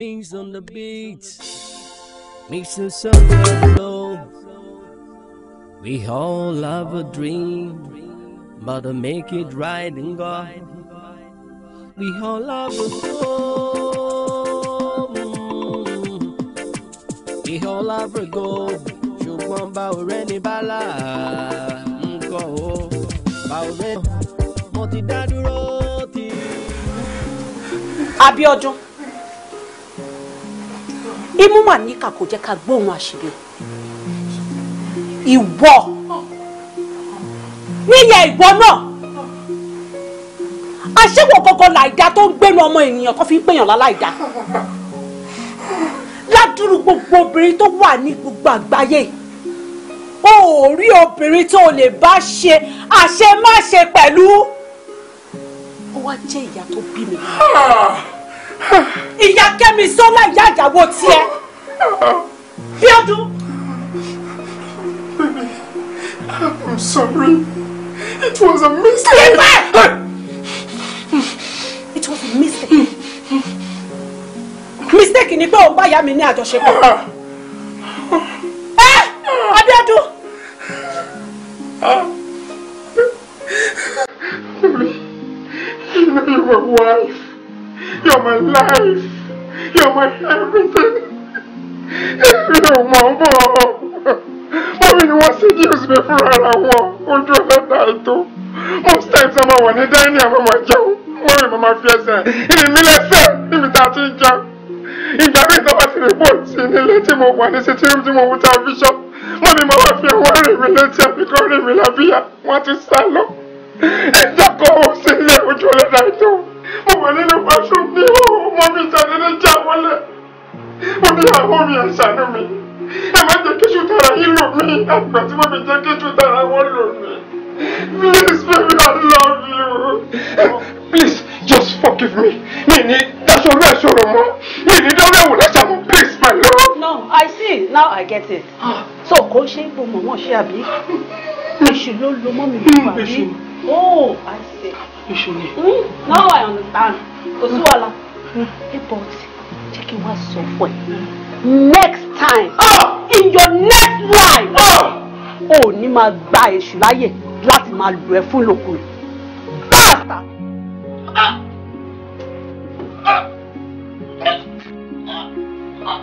Things on the beat Mixing something low We all love a dream But to make it right and go, We all love a goal We all love a goal ṣùgbọ́n báwo rẹ bala nǹkan o báwo rẹ mo mímú mà níkà kò jẹ́ ká gbóhùn àṣírí ìwọ níyà ìwọ náà àṣewò kankan làìdá tó ń gbénu ọmọ ènìyàn kan fi ń pèèyàn láláìdá ládùúrú gbogbo obìnrin tó wà ní gbogbo àgbáyé o ò rí obìnrin tó lè bá ṣe àṣemáṣe pẹ̀lú ó wá jẹ́ ìyá tó bí mi. Ah! ìyá kẹ́mi sọ́lá ìyá ìyàwó tiẹ̀ bí ọdún. I'm sorry. It was a mistake. It was a mistake. Mistake ni pé òun bá ìyá mi ní àjọṣepọ̀. Ẹ Adéọdún. Baby, you know you're my wife. You're my life. You're my everything. Èmi ò mọ̀ ń bọ̀ ọ́. Mọ́mí ni wọ́n seduce mi fúnra ara wọn. Ojú ọlọ́dà ètò. Most times a máa wà ní dání àwọn ọmọ jẹun. Mọ́mí mo máa fi ẹsẹ̀. Ìrìn mi lẹ́sẹ̀ níbi tá a ti ń jẹun. Ìgbà mi ìjọba ti report sí nílé tí mo wà ní sitting room tí mo wú television. Mọ́mí mo máa fi ẹ̀wọ̀n rìn mi létí àbíkọ́ rìn mi lábíyà. Wọ́n ti sá lọ. Ẹ̀dá kan ò sí ilé ojú ọlọ́dà ètò ọmọ nílé pàṣọ mi ọmọ mi ìsàlẹ̀lẹ̀ já wọlé ó ní àwọn mi àṣàánú mi ẹ má jẹ́ kí ṣùtara yín lò mí àgbà tí mo fi jẹ́ kí ṣùtara wọn lò mí please baby I love you. please just forgive me mi ní dasọ̀rọ̀ ẹ̀ sọ̀rọ̀ mọ́ mi ní dọ́rọ̀ ẹ̀wò lẹ́sẹ̀ mọ́ please my love. no I see now I get it so kò ṣe é gbọmọ wọn ṣe àbí èṣù ló lo mọ́ mi lọ́wọ́ hmm, àbí oh I see. Ìṣòlè. Hmm? Now I understand. Kò sí wàhálà. Hmm. Hey, but jẹ́ kí n wá sọ fún ẹ. Next time, ah! in your next life, ah! o ò ní máa gba èṣù láyè láti máa lù ẹ́ fún lòkùn. Báàsà. Ah! ah. ah!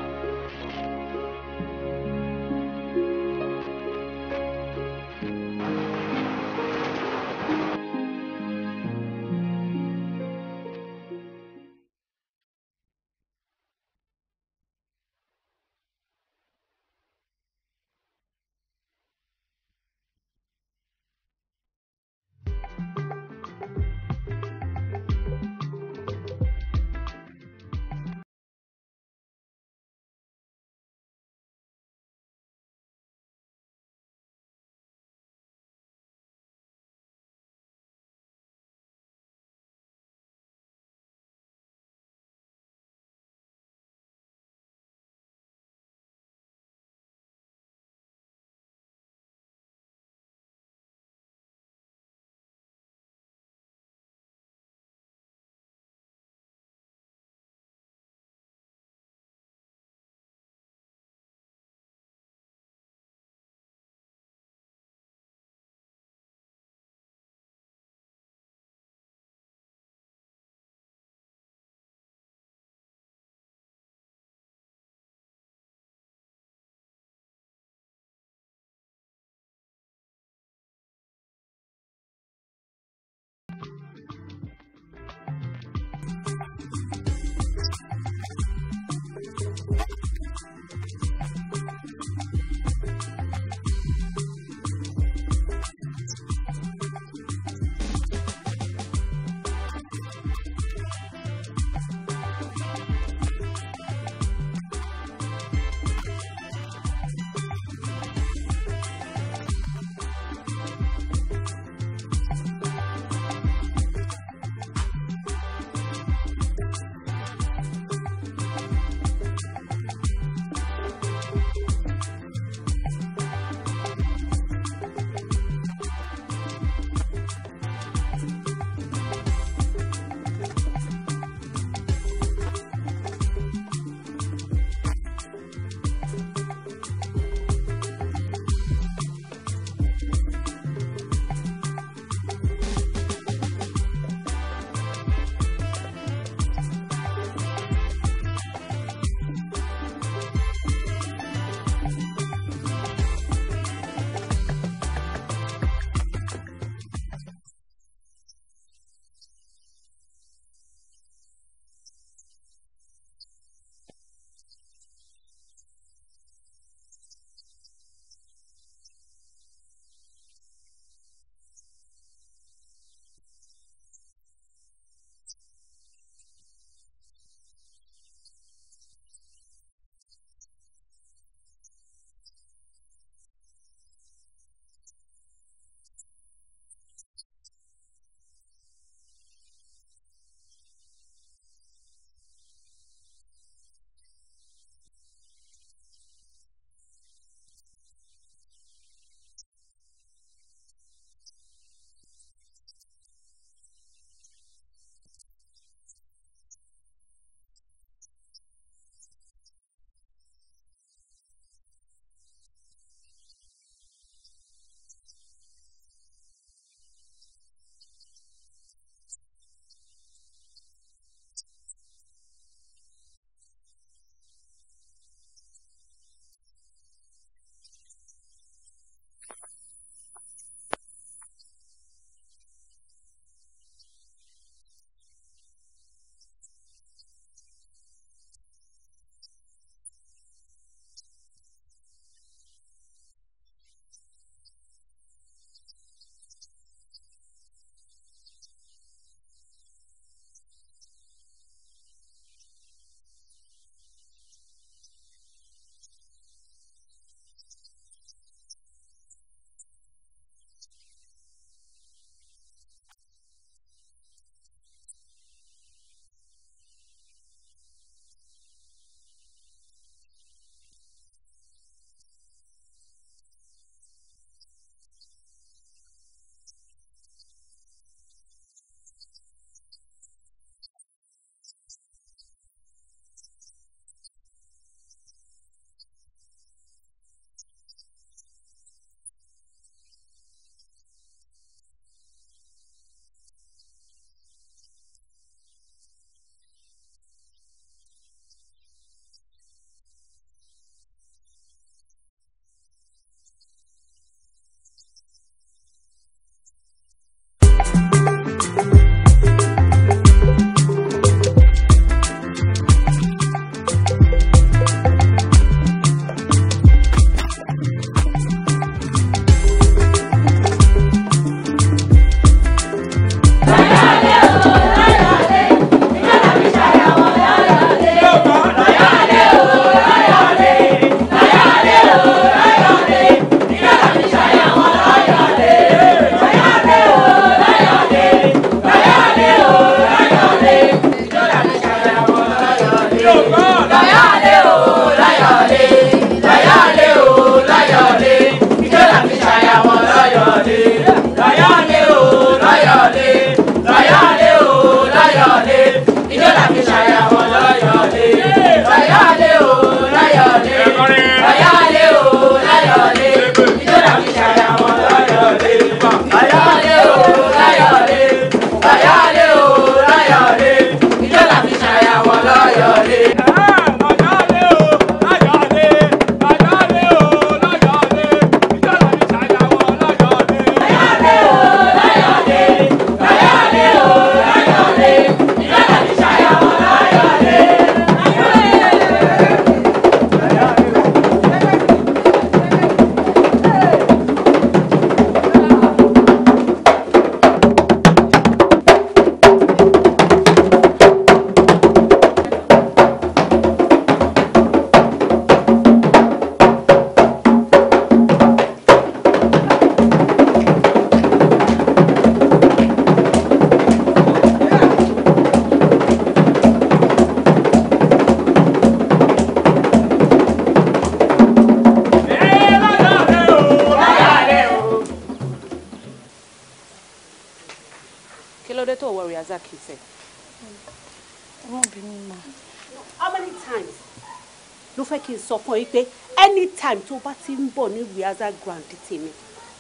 fertile ground tèmi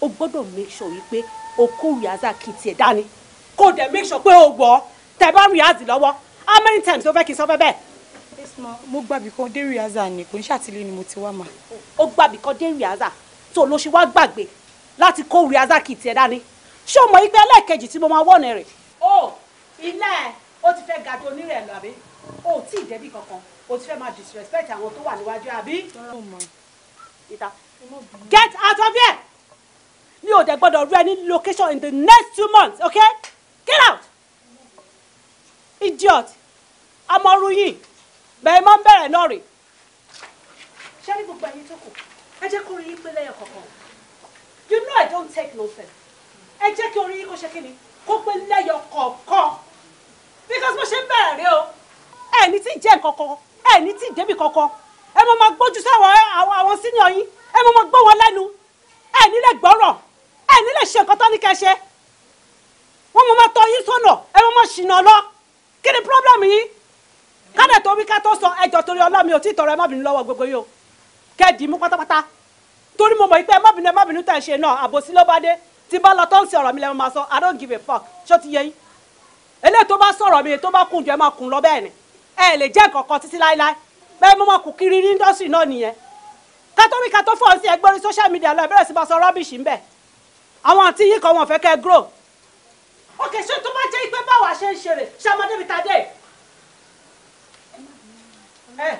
o gbọ́dọ̀ make sure wípé o kó riaza kì í tiẹ̀ dání kó o dẹ̀ make sure pé o gbọ́ tẹ̀ bá riazi lọ́wọ́ how many times ló fẹ́ kí n sọ fẹ́ bẹ́ẹ̀. mo gbàbí kan dé riaza ni kò ń ṣàtìlẹ́yìn ni mo ti wá ma. o gbàbí kan dé riaza tó ló ṣe wá gbàgbé láti kó riaza kì í tiẹ̀ dání ṣé o mọ̀ ìgbẹ́ ẹlẹ́ẹ̀kejì tí mo máa wọ̀nà rẹ̀. o ilé ó ti fẹ́ gàdú onírẹ̀ lọ àbí o ò tí ì débi kankan o ti fẹ́ máa disrespect àwọn tó wà níwájú àbí. ìta get out of here mi ò dẹ̀ gbọ́dọ̀ rí ẹ ní location in the next two months okay get out idiot amọ̀rú yìí bẹ̀rẹ̀ mọ́ ń bẹ̀rẹ̀ náà rè. ṣé ní gbogbo ẹ̀yin tó kù ẹ jẹ́ kó rí yín pé lẹ́yìn kọ̀ọ̀kan you know I don't take nonsense ẹ jẹ́ kí orí yín kó ṣe kí ni kó pé lẹ́yìn kọ̀ọ̀kan because mo ṣe ń bẹ̀rẹ̀ rí o ẹni tí jẹ́ nǹkan kan ẹni tí débi kankan ẹ mọ̀ máa gbójú sáwọn àwọn senior yín ẹ mọ mọ gbọ́ wọn lẹ́nu ẹ nílẹ̀ gbọ́rọ̀ ẹ nílẹ̀ ṣe nǹkan tó ní kẹ́ ṣe wọ́n mọ mọ tọ́ yín sọ́nà ẹ mọ mọ ṣìnà lọ kí ni pírọ́blẹ̀mù yín kádẹ tó wí ká tó sọ ẹjọ́ torí ọlọmi ò tí tọrọ ẹ má bínú lọ́wọ́ gbogbo yìí o kẹ dì í mú pátápátá torí mo mọ ìpẹ ẹ má bínú má bínú tẹ ṣe náà àbòsí ló bá dé tí bá lọ tó ń sin ọ̀rọ̀ mi lẹ́nu máa sọ i don't give a fuck ṣó ti yẹ yín eléyìí tó bá sọ̀rọ̀ mi tó bá kùn jù ẹ máa kùn lọ bẹ́ẹ̀ ni ẹ lè jẹ́ kọ̀ọ̀kan títí láéláé bẹ́ẹ̀ mo máa kù kiri ní indọ́sì náà nìyẹn kátó wí kátó fún ọ sí ẹgbẹ́ orí social media lọ ìbẹ̀rẹ̀ sí bá sọ rọ́bìṣì ń bẹ̀ àwọn àti yìí kan wọn fẹ́ kẹ́ grow. òkè ṣé tó bá jẹ́ pé báwa ṣe ń ṣeré ṣé ọmọdé mi ta dé. ẹ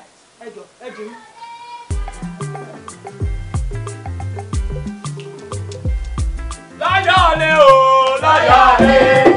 ẹ jọ ẹ láyọ̀ ni o láyọ̀ ni.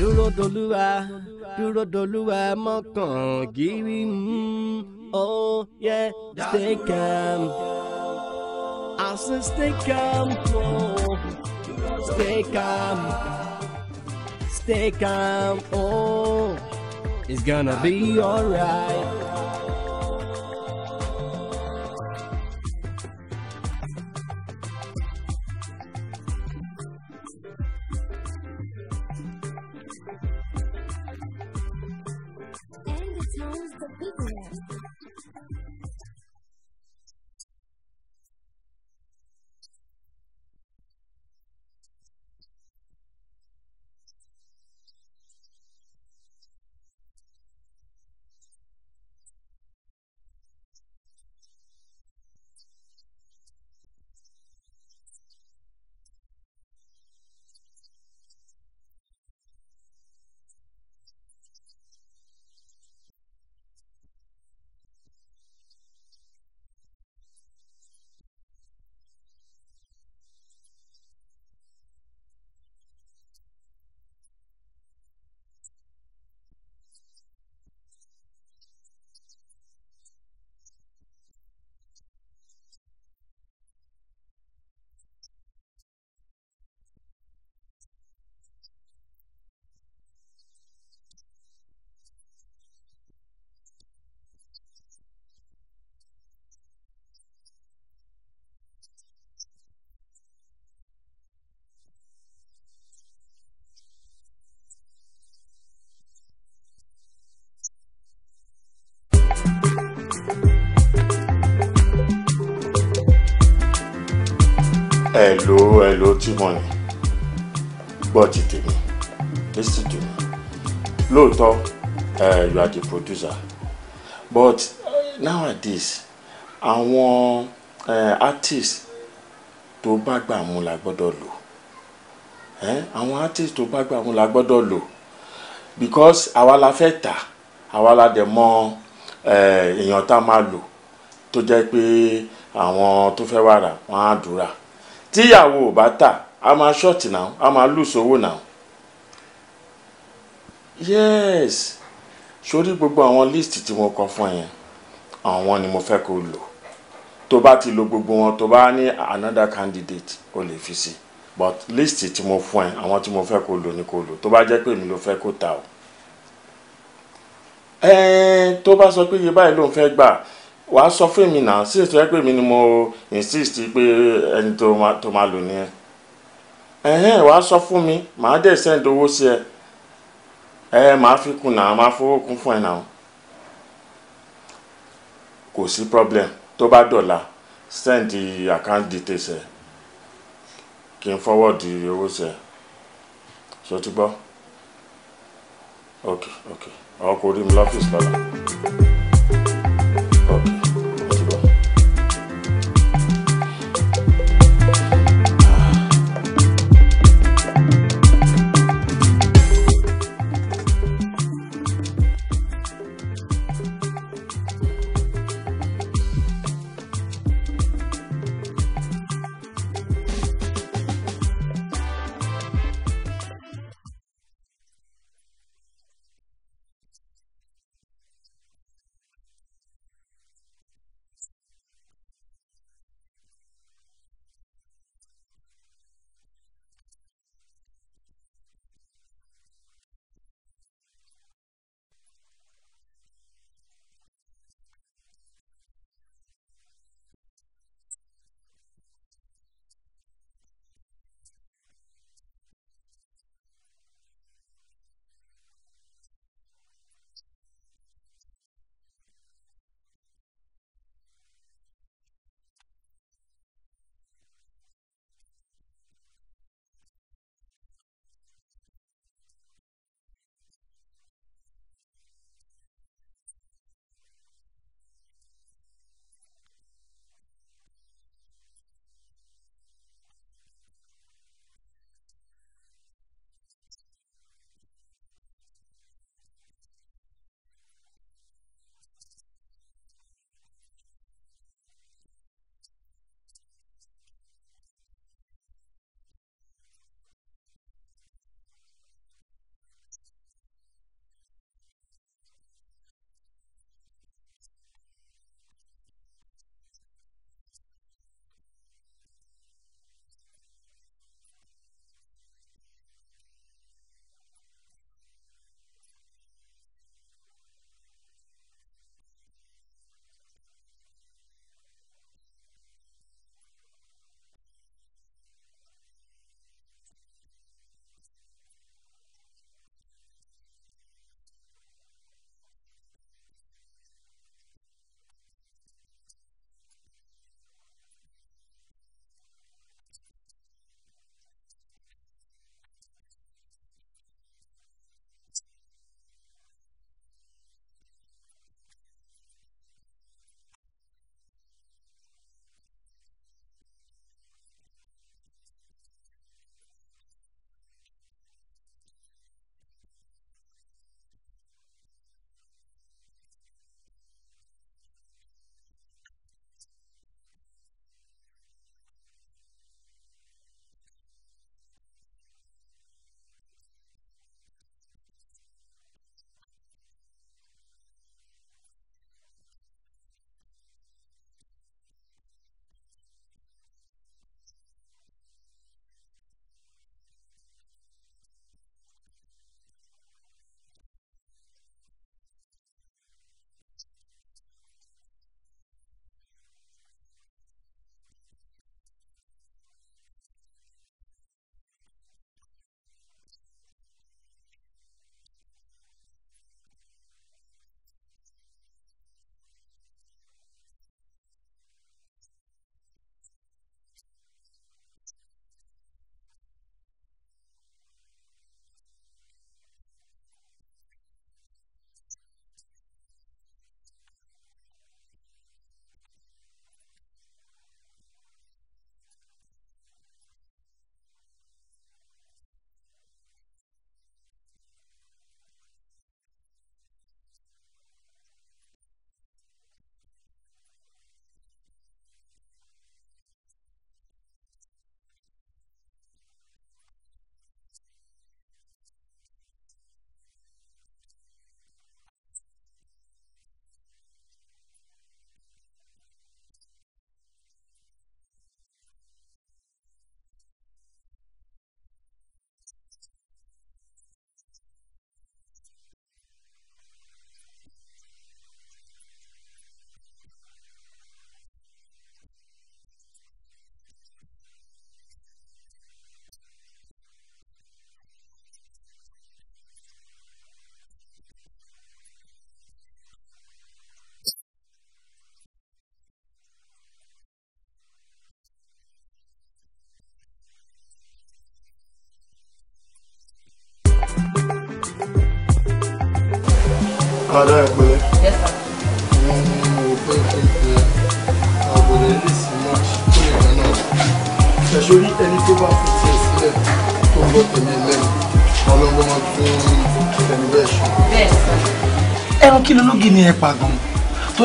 dúródolúwa dúródolúwa mọ́kàn gírí oh yeah stay calm I stay calm. Oh. stay calm. Oh, it's gonna be alright. ìlú tí mo rìn gbọ́ ti tèmi lísì tù mí lóòótọ́ you are the producer but nowadays àwọn artist tó bá gbà mú la gbọ́dọ̀ lò àwọn artist tó bá gbà mú la gbọ́dọ̀ lò because àwa la fẹ́ tà àwa la dẹ̀ mọ èèyàn tá a máa lò tó jẹ́ pé àwọn tó fẹ́ wà rà wọ́n á dúrà tíyàwó ò bá tà a máa ṣọ́ọ̀tì náà a máa lùsọ owó náà yes sórí gbogbo àwọn list tí mo kọ fún yẹn àwọn ni mo fẹ́ kó lò tó bá ti lo gbogbo wọn tó bá ní another candidate o lè fi sí but list tí mo fún ẹ àwọn tí mo fẹ́ kó lò ni kó lò tó bá jẹ́ pé èmi ló fẹ́ kó ta o. ẹ̀ẹ́n tó bá sọ pé iye báyìí ló ń fẹ́ gbà wàá sọ fún mi náà sí ètò ẹgbẹ́ mi ni mo insist pé ẹni tó máa lò nìyẹn ẹ̀hẹ́n wàá sọ fún mi màá dẹ̀ send owó sí ẹ ẹ màá fi kùnà màá fowó kún fún ẹ náà kò sí problem tó bá dọ̀la send account details ẹ kí n forward owó sí ẹ ṣó ti gbọ́ ok ok ọkọ̀ orí mi lọ́fíìsì lọ́la.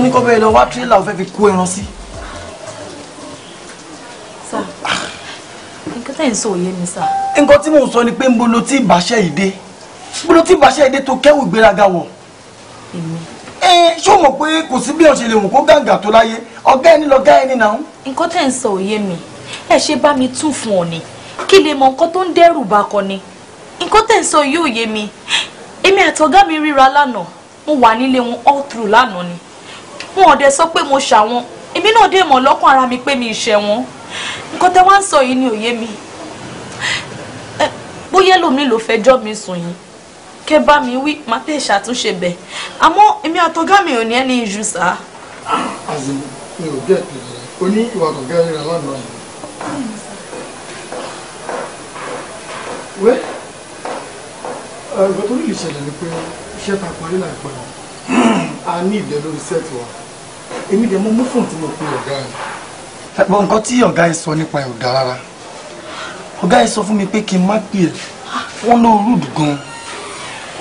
ní kó bẹ́ẹ̀ lọ wá tírélà ó fẹ́ fi kó ẹran sí. sà nǹkan tẹ́ ẹ̀ ń sọ òye mi sà. nǹkan tí mò ń sọ ni pé ń bolo tí ìbáṣẹ́ ìdè bolo tí ìbáṣẹ́ ìdè tó kẹ́wù ìgbéraga wọ̀. èmi. ẹ ṣó mọ̀ pé kò sí bí ọ̀ṣẹ̀ lè wù kó gàǹgà tó láyé ọ̀gá ẹni lọ̀gá ẹni náà. nǹkan tẹ́ sọ òye mi ẹ ṣe bá mi tún fún ọ ni kí lè mọ nǹkan tó ń dẹ́rù bà kọ ni nǹkan tẹ̀ sọ yóò mi èmi àtọ̀gá mi ríra lánàá mo wà nílé wọn all through lánàá ni wọn ò dẹ̀ sọ pé mo ṣàwọn èmi náà dé mọ̀ lọ́kàn ara mi pé mi ìṣẹ̀ wọn nǹkan tẹ́ wá ń sọ yìí ni òye mi bóyá lómi ló fẹjọ́ mi sùn yìí kẹ́ bá mi wí má tẹ̀ ṣàtúnṣe bẹ̀ àmọ́ èmi àtọ́gá mi ò ní ẹni ìjù sá. àzì mi ò gẹ́ ìpìlẹ̀ rẹ̀ o ní ìwà kọ̀ọ̀gá rẹ̀ lánàá yìí. wẹ́ ẹ̀rọ tó lè ṣẹlẹ̀ ni pé iṣẹ́ ta parí láìpẹ́ wọn a ní ìdẹ́ lórí sẹ́ẹ̀tì wa èmi dẹ̀ mo mú fóònù tí mo pe ọ̀gá rẹ̀. ẹ̀gbọ́n nǹkan tí ọ̀gá yìí sọ nípa ẹ̀ ò dáa rárá ọ̀gá yìí sọ fún mi pé kí n má pè ẹ́ wọ́n ló rúdù gan-an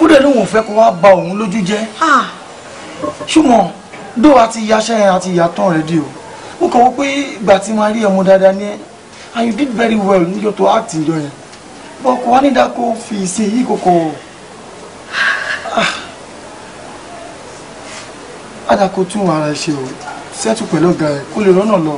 ó dẹ̀ lóun ò fẹ́ kó wá ba òun lójú jẹ́ ṣùgbọ́n dó àti yaṣẹ́ yẹn àti ìyàtọ̀ rẹ̀ dì o mo kàn wọ́n pé ìgbà tí màá rí ọmọ dáadáa ní ẹ and you did very well níjọ́ tó act níjọ́ yẹn bọ́ kò wá nídàá kó fi ìsìn yìí kò kọ̀ ọ́. Ah! padà kó tún ara ṣe o ṣẹ́tù pẹ̀lú ọ̀gá ẹ̀ kó lè rọ́nà lọ.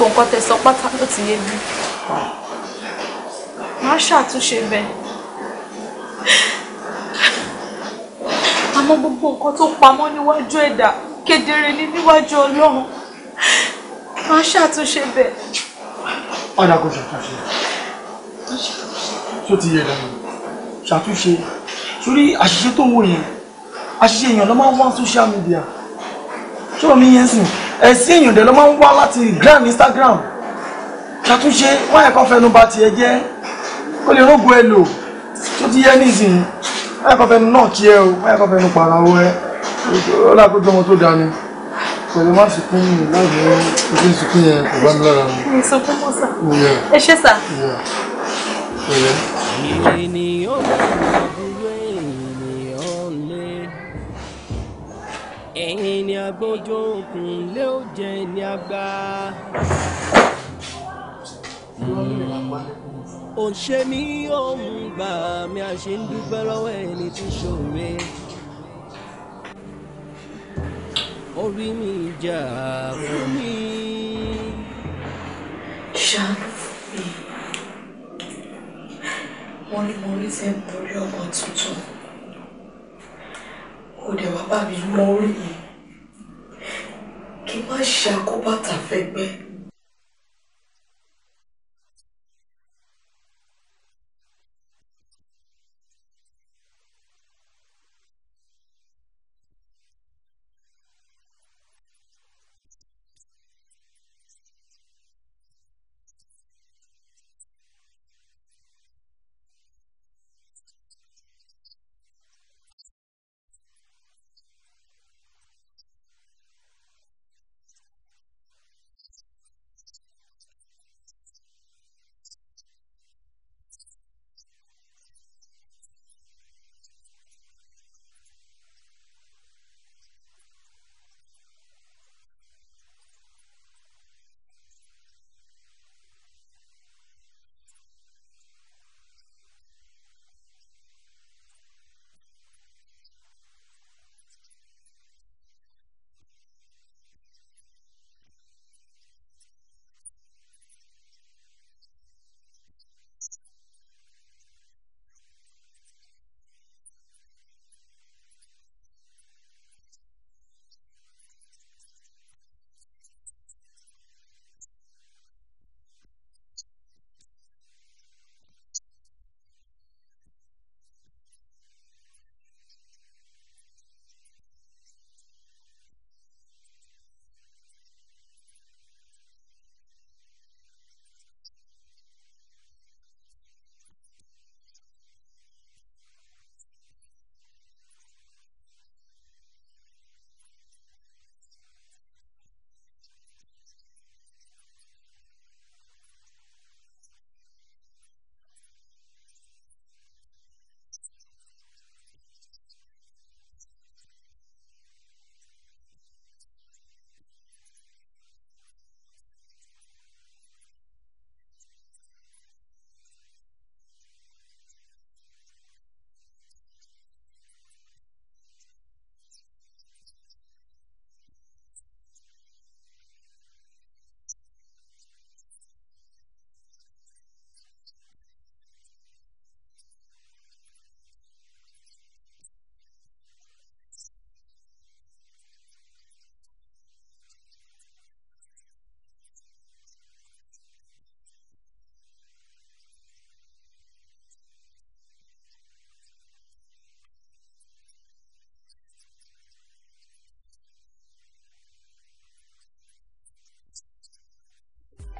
gbogbo nǹkan tẹ́ sọ pátá ló ti yé mi má ṣàtúnṣe bẹ́ẹ̀ àmọ́ gbogbo nǹkan tó pamọ́ níwájú ẹ̀dá kedere ní níwájú Ọlọ́run má ṣàtúnṣe bẹ́ẹ̀. ọ̀dà kò ṣàtúnṣe tó ti yẹ dànù ṣàtúnṣe sórí àṣìṣe tó ń wò yẹn àṣìṣe èèyàn ló máa ń wá social media ṣọ́ọ̀ mi yẹn sìn ẹ̀sìn ìyọ̀ndẹ̀ ló máa ń wá láti grand Instagram ṣàtúnṣe wọ́n ẹ̀kọ́ fẹnu ba tiẹ̀ jẹ́ kó lè rógo ẹ lò tó ti yẹ nísìnyí wọ́n ẹ̀kọ́ fẹnu náà kí ẹ o wọ́n ẹ̀kọ́ fẹnu pàrà o ẹ ó lákòójú ọmọ tó dání pẹ̀lú má sunkún mi láìpẹ́ ojú sunkún yẹn kò bá mi lára mu. mi sunkún mọ́ sà. ẹ ṣe sà. agbójó òkun lé ó jẹ ní àgbà. ò ń ṣe mí òun gbà mí a ṣe ń dúpẹ́ lọ́wọ́ ẹni tí ṣòre. orí mi jà fún mi. wọ́n ní mo rí fẹ́ borí ọmọ tuntun kò dẹ̀ wá bá mi mọ orí kí n má ṣe àkóbá tàfẹ́gbẹ́.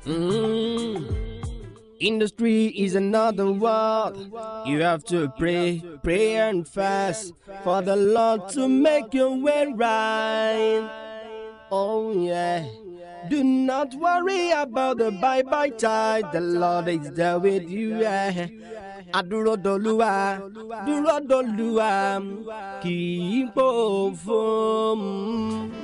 Mm. Industry is another world. You have to pray, pray and fast for the Lord to make your way right. Oh yeah. Do not worry about the bye bye tide. The Lord is there with you. Yeah. Adúró dolúwa, dúró dolúwa, kì í pòfo.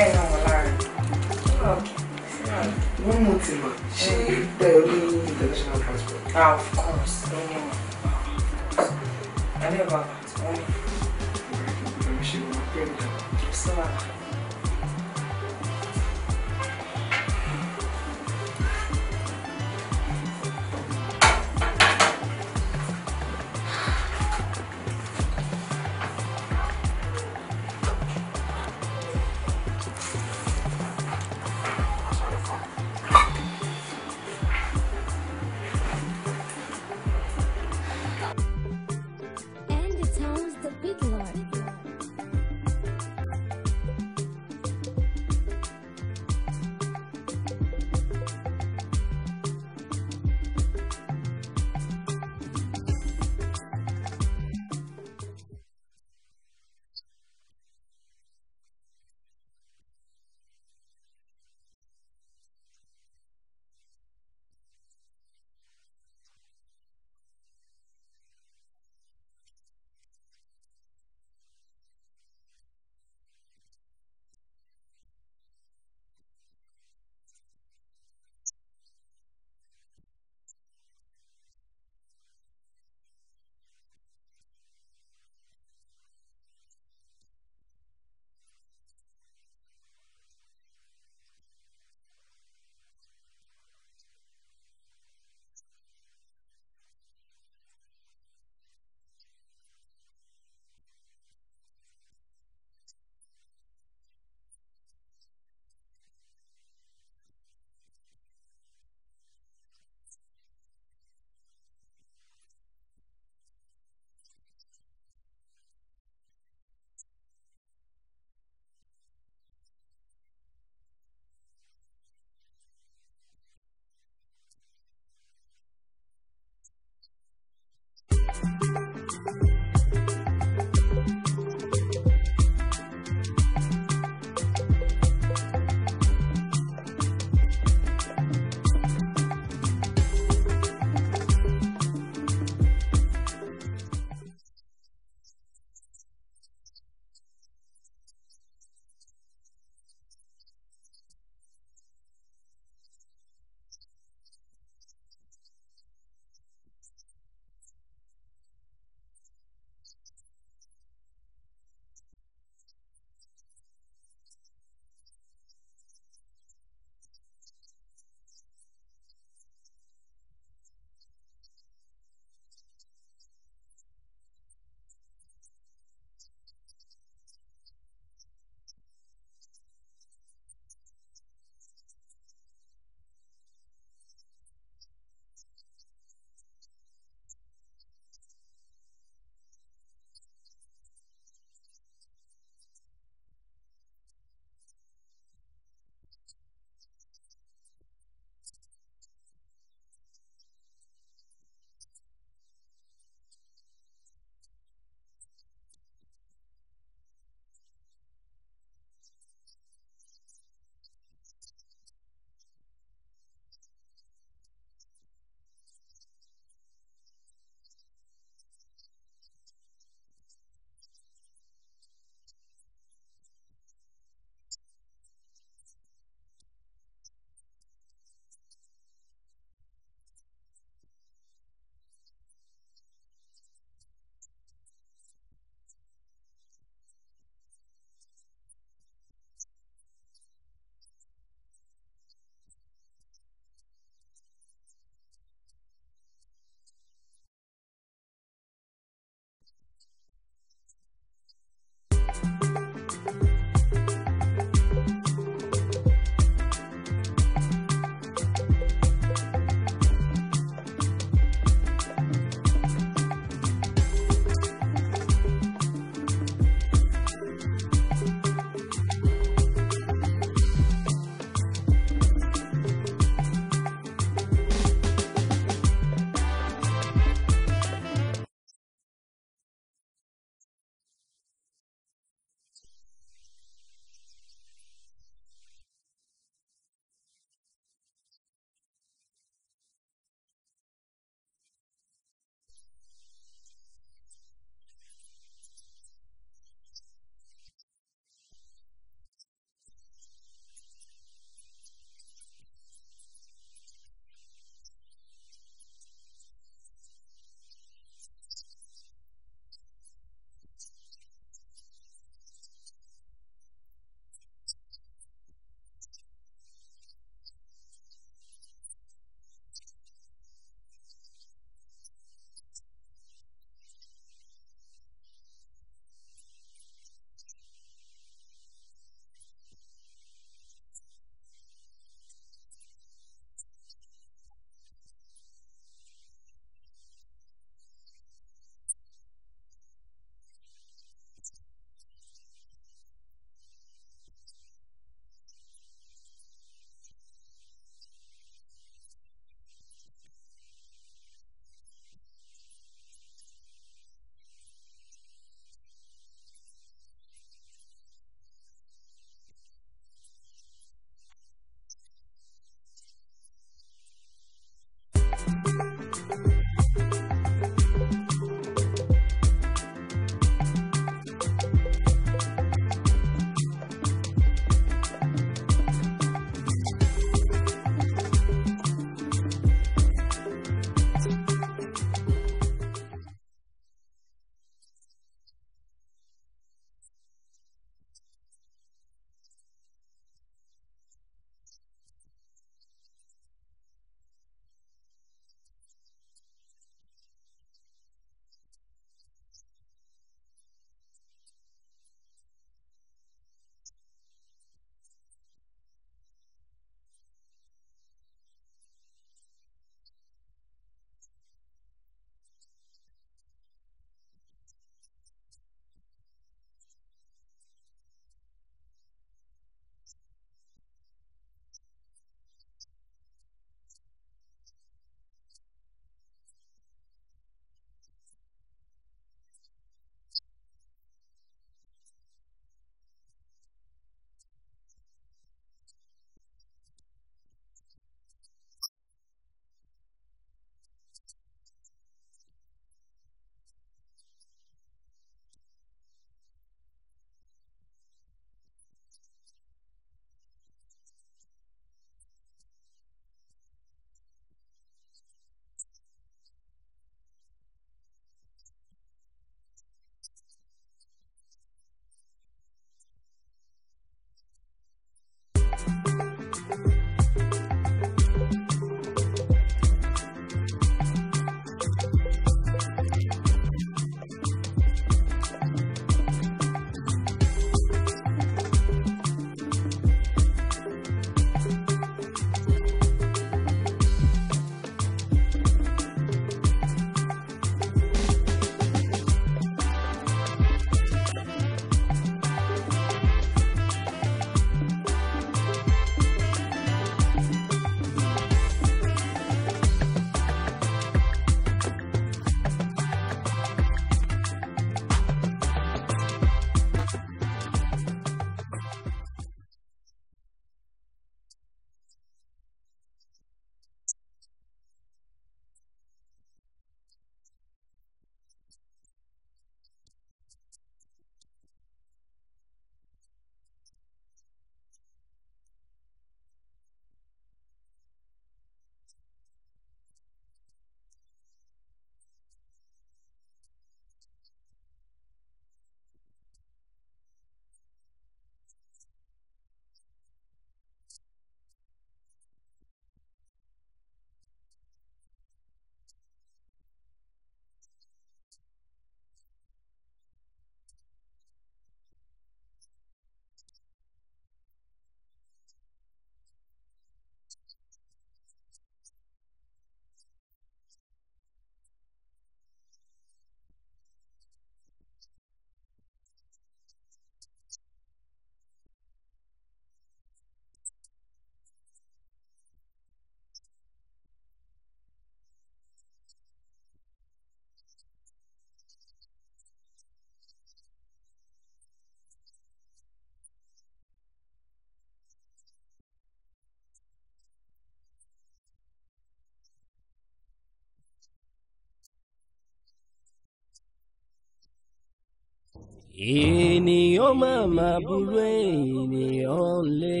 ènìyàn máa máa burú ènìyàn lé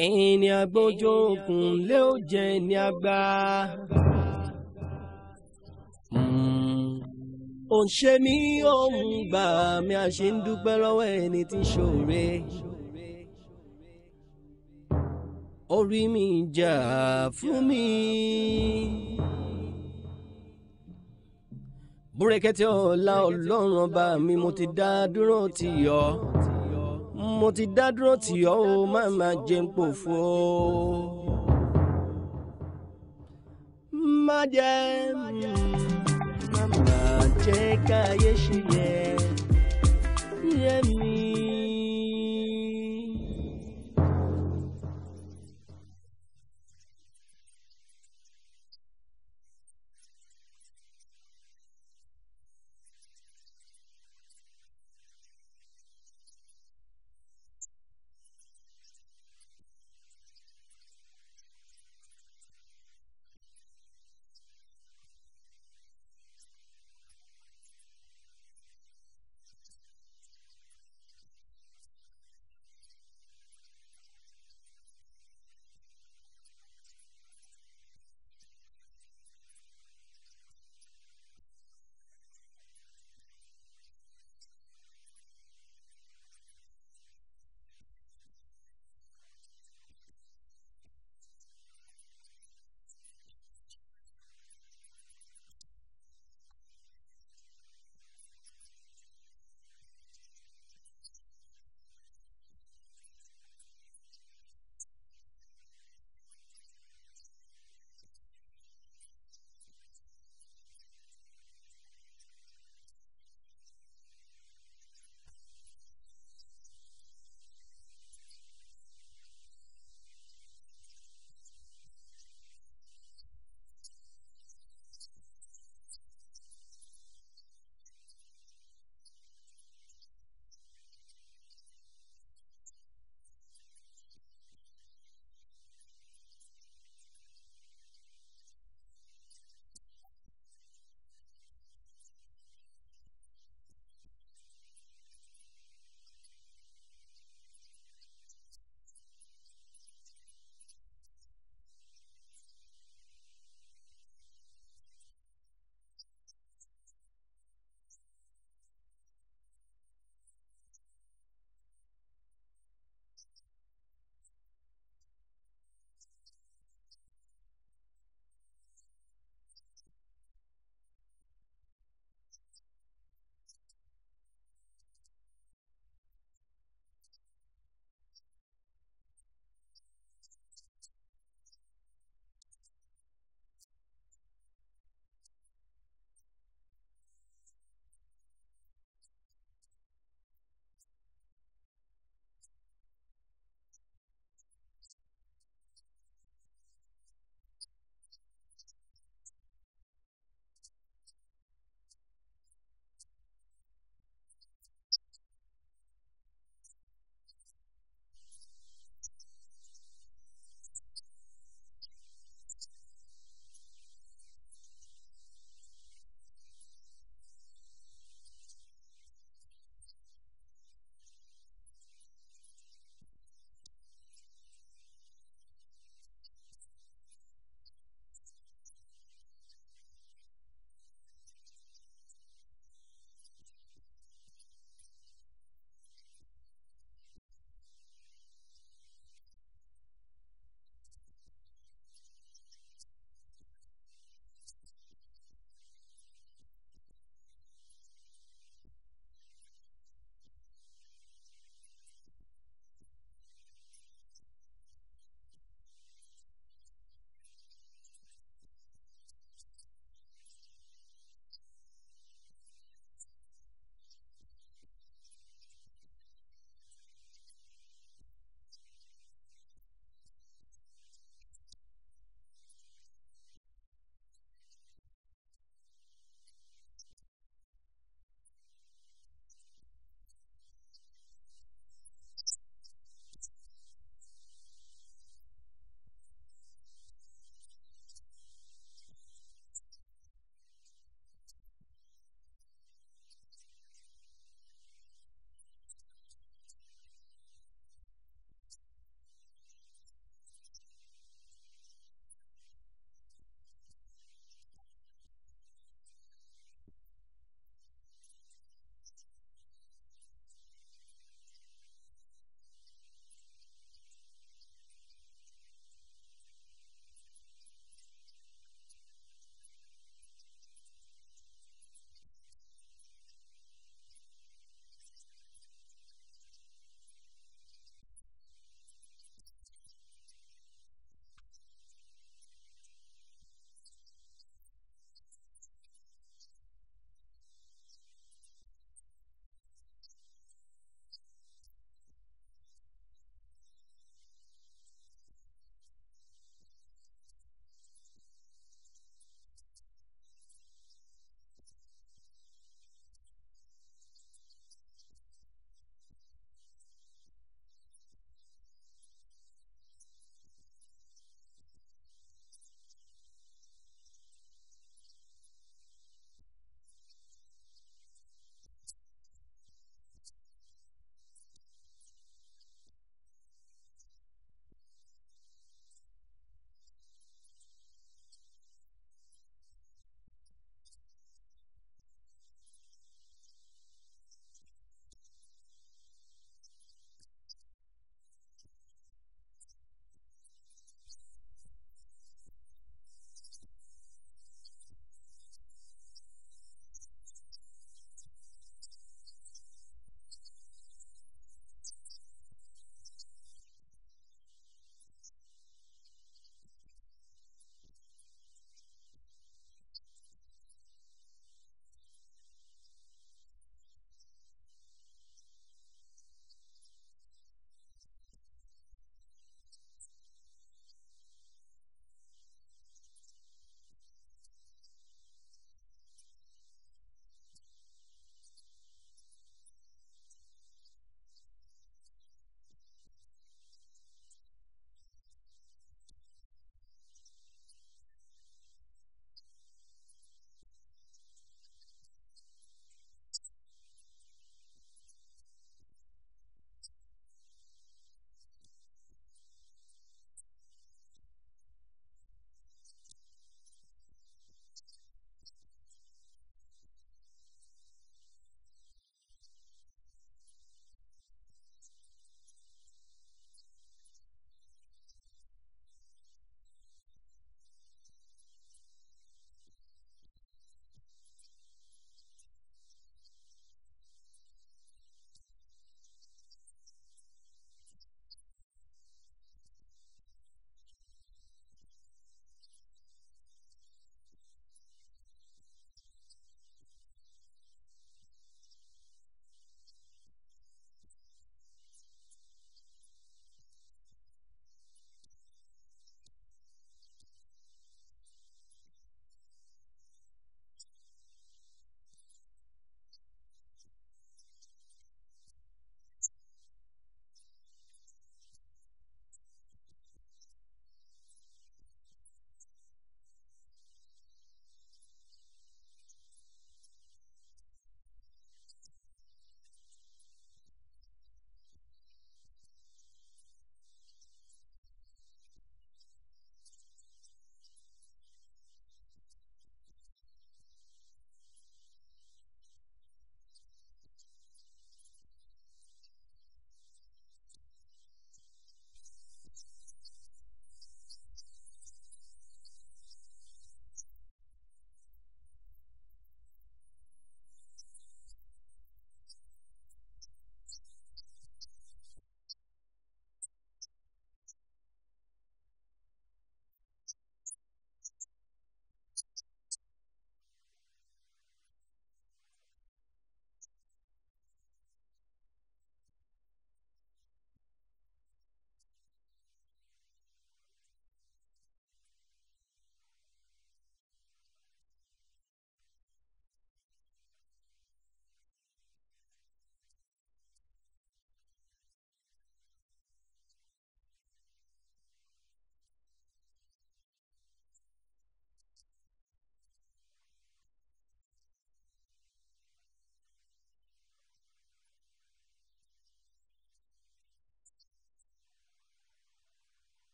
ẹ̀yin ni agbójó okùn lé ó jẹ ní agbá. ó ń ṣe mí ó ń gbà mí a ń dúpẹ́ lọ́wọ́ ẹni tí ń ṣoore. orí mi jà fún mi búrẹ́kẹ́tì ọ̀la ọlọ́run ọba mi mo ti dá dúró tì ọ́ mo ti dá dúró tì ọ́ o má má jẹun pòfo má jẹ má má jẹ káyé ṣì yẹ yẹ mi.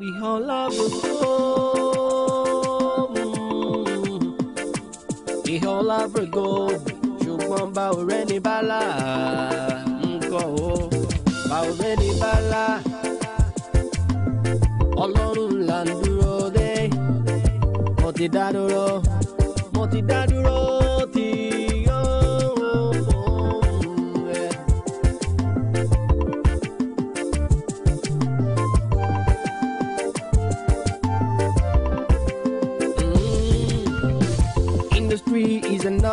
ìhàn lábògó ìhàn lábògó ṣùgbọ́n bá ọ̀rẹ́ ní bálá nǹkan o bá ọ̀rẹ́ ní bálá ọlọ́run là ń dúró dé mo ti dá dúró mo ti dá dúró.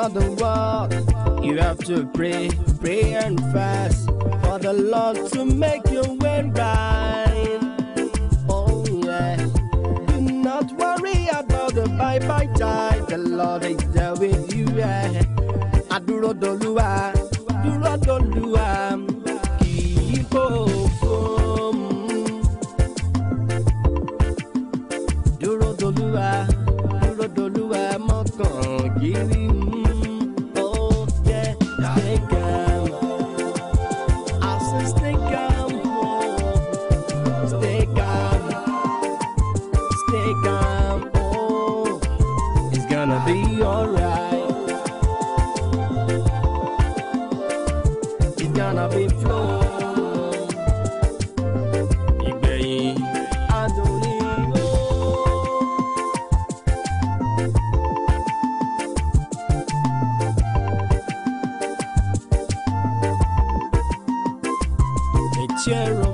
the world. You have to pray, pray and fast for the Lord to make your way right. Oh yeah. Do not worry about the bye bye time. The Lord is there with you. Yeah. Aduro dolua, duro dolua, keep Duro dolua, duro dolua, mokan kiri. It's your own.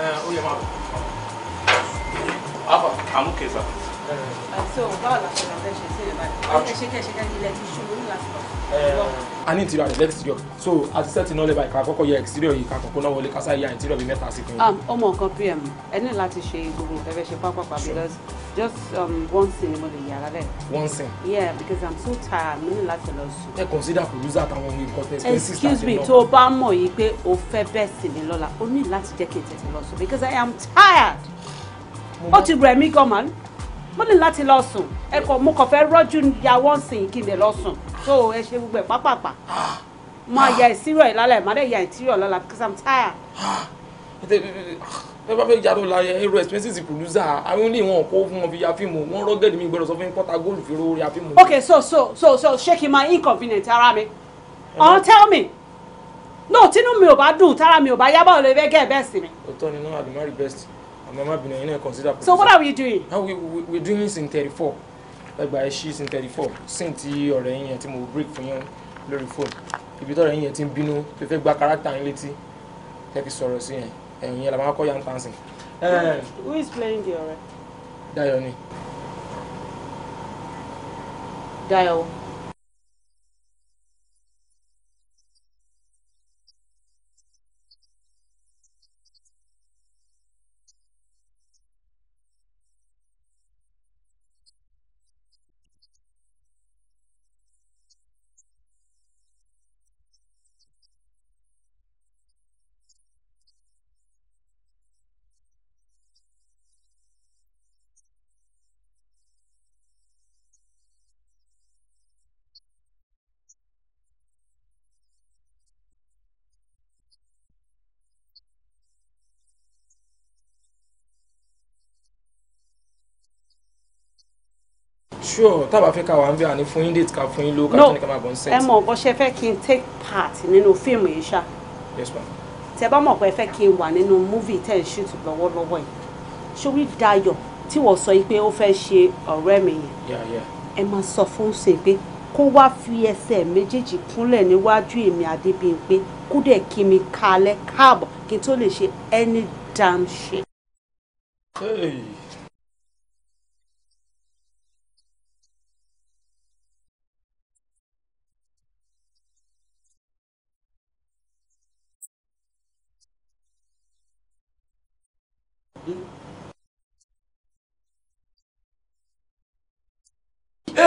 ó yẹ máa bọ̀. afa so báwo la ṣe lọ́ọ́ ṣe sí ìbàdàn ah. ẹ ṣe kẹ́ṣe kẹ́ṣe ilẹ̀ ti ṣubú eh. ní lásìkò. exterior so àti sẹ́ẹ̀tì náà lè ba ìka àkọ́kọ́ yẹ exterior yìí ká kọ́kọ́ náà wọlé kásá yà interior bíi mẹ́ta sí fún yín. Ah, ọmọ nǹkan pm ẹ because just um, one thing mo lè yàrá rẹ. one thing. yeah because i'm so tired mo ní láti lọ sùn. ẹ consider producer àtàwọn nǹkan tẹ pé sister excuse me tó o bá mọ̀ yìí pé o fẹ́ bẹ́ẹ̀ sì ni lọ́la o ní láti jẹ́ kí n tètè lọ sùn because i am tired. ó ti rẹ̀ mí gan-an mo ní láti lọ sùn ẹ kọ mo kàn fẹ́ rọ́jú ya one thing kí n lè lọ sùn so ẹ ṣe gbogbo ẹ̀ pápápá máa ya ìsírọ̀ ẹ̀ lálẹ́ máa dẹ̀ ya ìsírọ̀ lọ́la because i'm tired. ẹ bá fẹ́ yàtọ̀ la yẹn ero expenses producer àwọn ilé wọn kó fún wọn fi ya fíìmù wọn rọ́gẹ̀dì mi gbọ́dọ̀ sọ fún pọ́tà góòlù fi róró ya fíìmù. ok so so so so ṣé kí n máa inconvenient ara mi ọ̀hún tell me no tínú mi ò bá dùn Tara mi ò bá yá báwo lè fẹ́ gẹ́ best mi. òótọ́ ni náà àdùmárì best àmọ́ má bìnrin náà consider. so what are we doing. now we we we doing sin thirty four ẹgbà ẹṣí sin thirty four sin ti ọ̀rẹ́ yẹn tí mo break fún yẹn lórí phone ibi tọ́rẹ́ yẹn ti ń bínú tó fẹ́ gba character yín létí tẹ́ fi sọ̀rọ̀ sí yẹn ẹ̀yìn ẹ̀ la máa kọ́ yam dancing. who is playing the ọ̀rẹ́. Dayo ni. sure tábà fẹ́ ká wà ń bẹ̀ àní fún yín ká fún yín ló ní ká máa bọ̀ ń sẹ́ǹtì. ẹ mọ̀ nǹkan ṣe fẹ́ kí n take part nínú fíìmù yìí ṣá. yes ma'am. tẹ bá mọ̀ pé ẹ fẹ́ kí n wà nínú múvì tẹ̀ ń ṣètò lọ́wọ́lọ́wọ́ yìí ṣórí Dayọ̀ tí wọ́n sọ pé ó fẹ́ ṣe ọ̀rẹ́ mi yẹn ẹ máa sọ fún ṣe pé kó wá fi ẹsẹ̀ méjèèjì kúnlẹ̀ níwájú èmi Adébíyìnpé kó dẹ̀ kí mi Hey!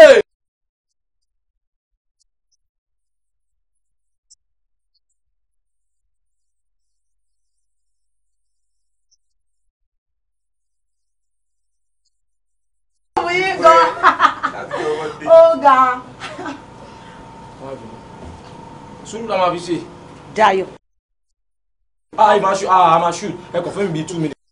Ọ̀gá. Sùúrù la máa fi ṣe. Dayọ̀. Ah, I'm a shoot. Ah, I'm a shoot. Ẹ kàn fẹ́ mi bíi two minutes.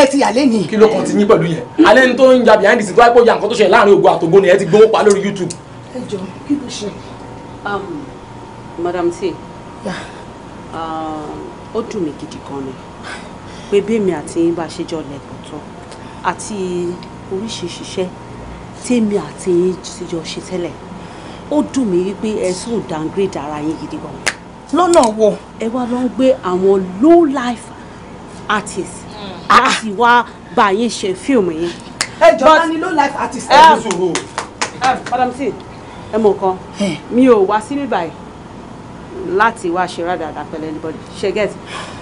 lẹ ti yà lẹ́nìí. kí ló kàn ti yín pẹ̀lú yẹn alẹ́ ní tó ń ja behind the scene tó wáyé pé yàǹkan tó ṣẹlẹ̀ láàrin ògo àtògo ni ẹ ti gbowó pa lórí youtube. ẹ jọ kí ló ṣe. Um, madam t um, ó dùn mí gidi gan ni pé bẹ́ẹ̀mi àti yín bá ṣe jọ lẹ́kọ̀ọ́tọ́ àti oríṣiríṣi iṣẹ́ tèmi àti yín ti jọ ṣe tẹ́lẹ̀ ó dùn mí wípé ẹ sọ downgrade ara yín gidi gan. lọ́nà wo. ẹ wá lọ gbé àwọn low life artists láti wá bá yín ṣe fíìmù yín. ẹ jọ bá ní low life artist ẹ ní sùúrù. madam c ẹ mọ̀ kan mi ò wá sí bíbáyìí láti wá ṣe rádà àdàpẹ̀lẹ̀ anybody ṣe get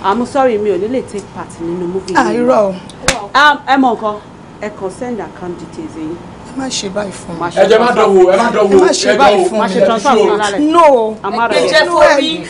i'm sorry mi ò ní lè take part nínú movie ah, yìí. àìrọ̀ um, ẹ mọ̀ nǹkan ẹ kàn send account details yìí. ẹ má ṣe báyìí fún mi. ẹ jẹ́ má dánwò ẹ má dánwò ẹ jẹ́ má ṣe transfer fún mi no ẹ jẹ́ fún mi.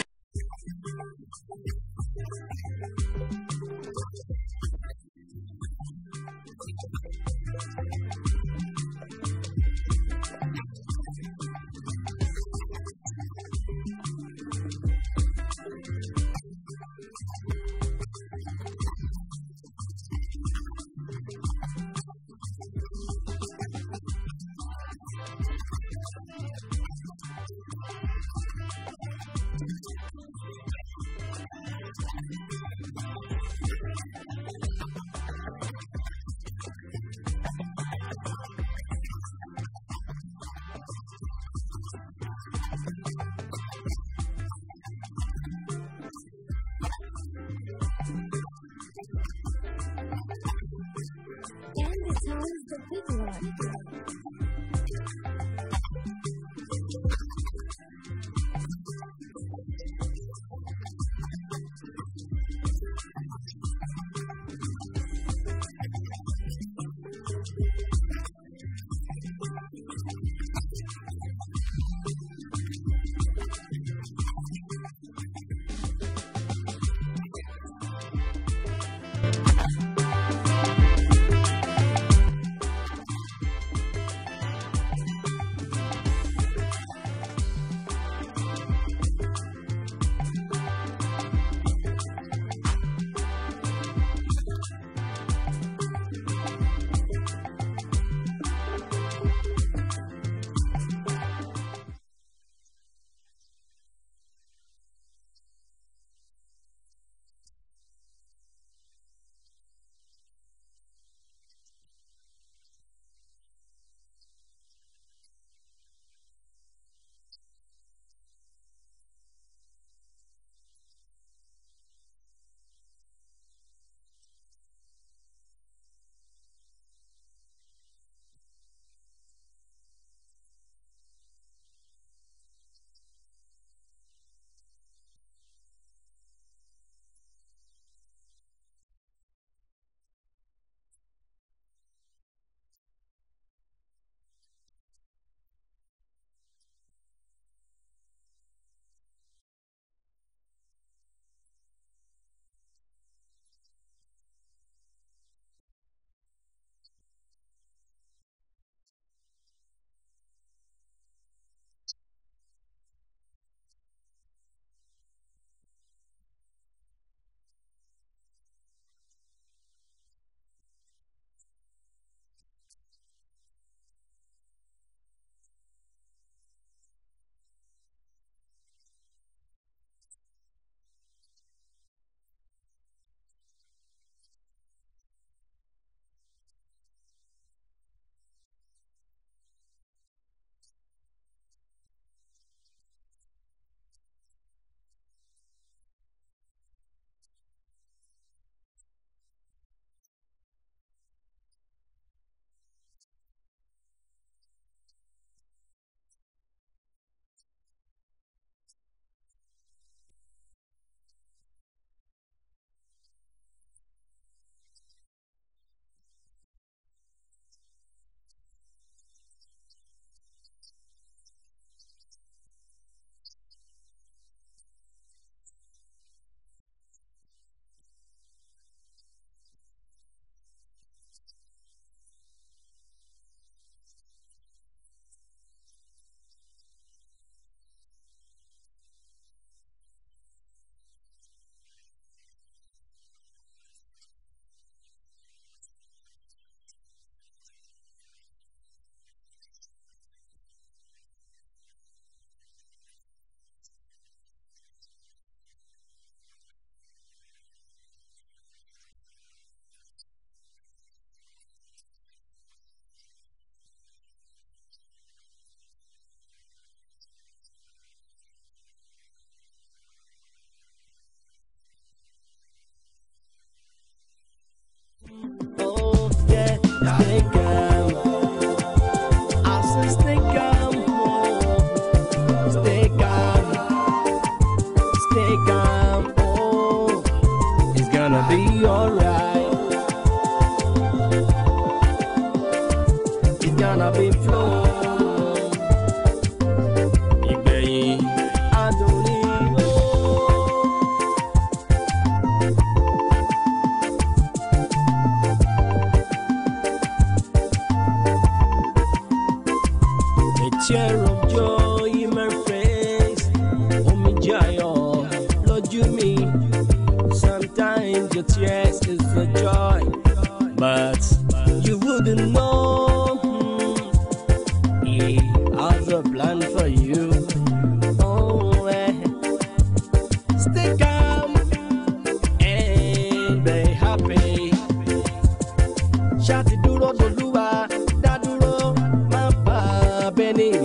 many